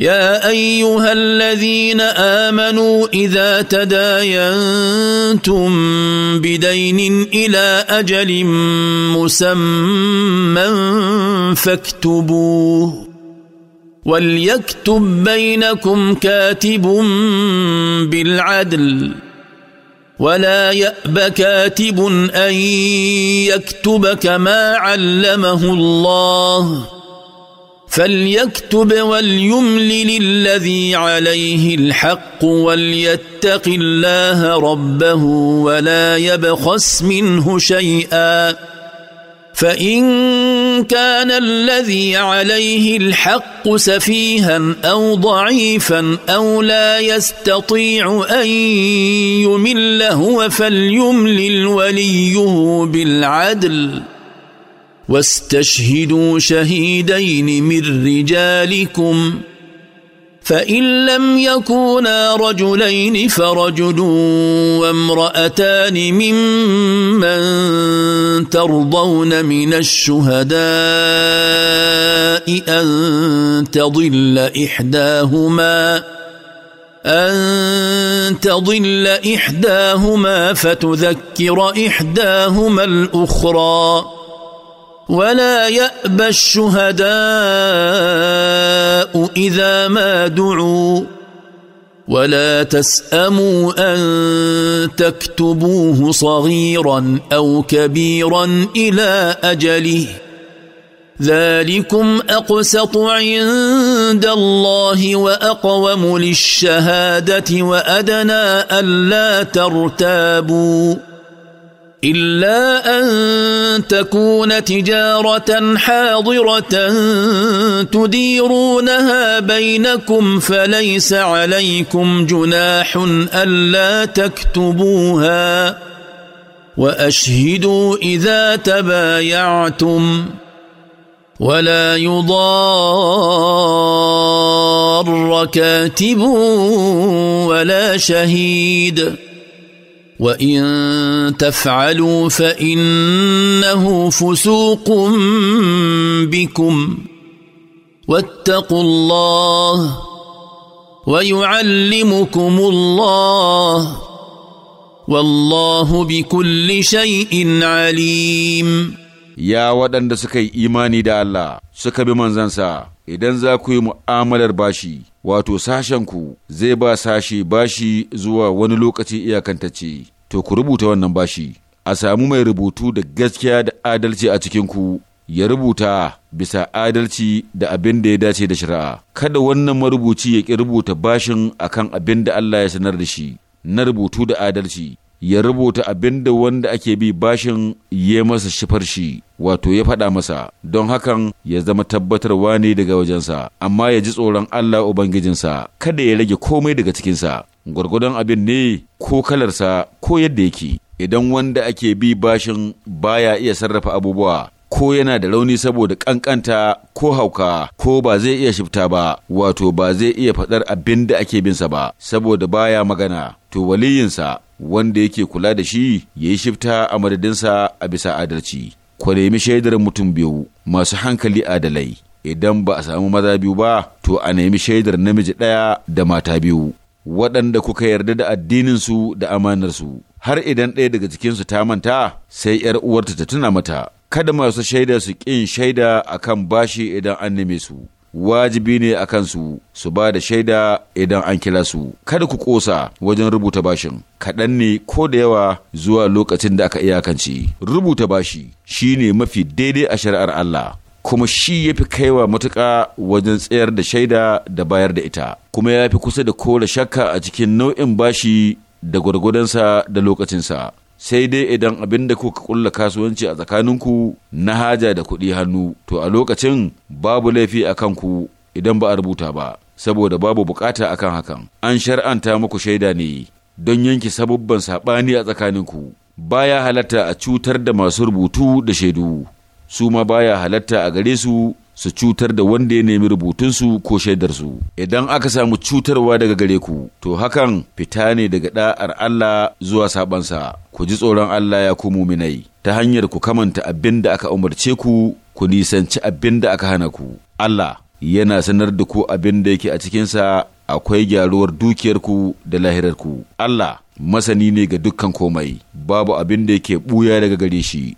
يا ايها الذين امنوا اذا تداينتم بدين الى اجل مسمى فاكتبوه وليكتب بينكم كاتب بالعدل ولا ياب كاتب ان يكتب كما علمه الله فليكتب وليملل الذي عليه الحق وليتق الله ربه ولا يبخس منه شيئا فان كان الذي عليه الحق سفيها او ضعيفا او لا يستطيع ان يمل هو فليملل وليه بالعدل واستشهدوا شهيدين من رجالكم فان لم يكونا رجلين فرجل وامراتان ممن ترضون من الشهداء ان تضل احداهما ان تضل احداهما فتذكر احداهما الاخرى ولا يأبى الشهداء إذا ما دعوا ولا تسأموا أن تكتبوه صغيرا أو كبيرا إلى أجله ذلكم أقسط عند الله وأقوم للشهادة وأدنى ألا ترتابوا الا ان تكون تجاره حاضره تديرونها بينكم فليس عليكم جناح الا تكتبوها واشهدوا اذا تبايعتم ولا يضار كاتب ولا شهيد وان تفعلوا فانه فسوق بكم واتقوا الله ويعلمكم الله والله بكل شيء عليم يا ودن دسكي ايماني دا الله suka bi manzansa idan za ku yi mu'amalar bashi wato sashenku zai ba sashe bashi zuwa wani lokaci iyakantacce to ku rubuta wannan bashi a samu mai rubutu da gaskiya da adalci a cikinku ya rubuta bisa adalci da abin da ya dace da shari'a kada wannan marubuci ya ƙi rubuta bashin akan abin da Allah ya sanar da shi na rubutu da adalci ya rubuta abin da wanda ake bi bashin ya masa shifar shi wato ya faɗa masa don hakan ya zama tabbatarwa ne daga wajensa amma ya ji tsoron Allah Ubangijinsa kada ya rage komai daga cikinsa gwargwadon abin ne ko kalarsa ko yadda yake idan wanda ake bi bashin baya iya sarrafa abubuwa ko yana da rauni saboda kankanta ko hauka ko ba zai iya shifta ba wato ba zai iya faɗar abin da ake sa ba saboda baya magana to waliyinsa wanda yake kula da shi ya yi shifta a madadinsa a bisa adalci ku nemi shaidar mutum biyu masu hankali adalai idan ba a samu maza biyu ba to a nemi shaidar namiji ɗaya da mata biyu waɗanda kuka yarda da addininsu da amanarsu har idan ɗaya daga cikinsu ta manta sai ‘yar uwarta ta tuna mata kada masu shaida su ƙin shaida akan bashi idan an neme su wajibi ne a kansu su ba da shaida idan an kira su kada ku ƙosa wajen rubuta bashin kaɗan ne ko da yawa zuwa lokacin da aka iyakance rubuta bashi shi ne mafi daidai a shari'ar Allah kuma shi ya fi kaiwa matuƙa wajen tsayar da shaida da bayar da ita kuma ya fi kusa da kore shakka a cikin nau'in bashi da gwargwadonsa da lokacinsa sai dai idan abin da kuka kulla kasuwanci a tsakaninku na haja da kuɗi hannu to a lokacin babu laifi a kanku idan ba a rubuta ba saboda babu bukata akan hakan an shar'anta muku shaida ne don yanke sabubban saɓani a tsakaninku baya halatta a cutar da masu rubutu da shaidu su ma baya halatta a gare su su cutar da wanda ya nemi rubutunsu ko shaidarsu idan aka samu cutarwa daga gare ku to hakan fita ne daga da'ar Allah zuwa sabansa ku ji tsoron Allah ya ku minai. ta hanyar ku kamanta abin da aka umarce ku ku nisanci abin da aka hana ku Allah yana sanar da ku abin da yake a cikinsa akwai gyaruwar dukiyarku da lahirarku Allah masani ne ga dukkan komai babu abin da yake ɓuya daga gare shi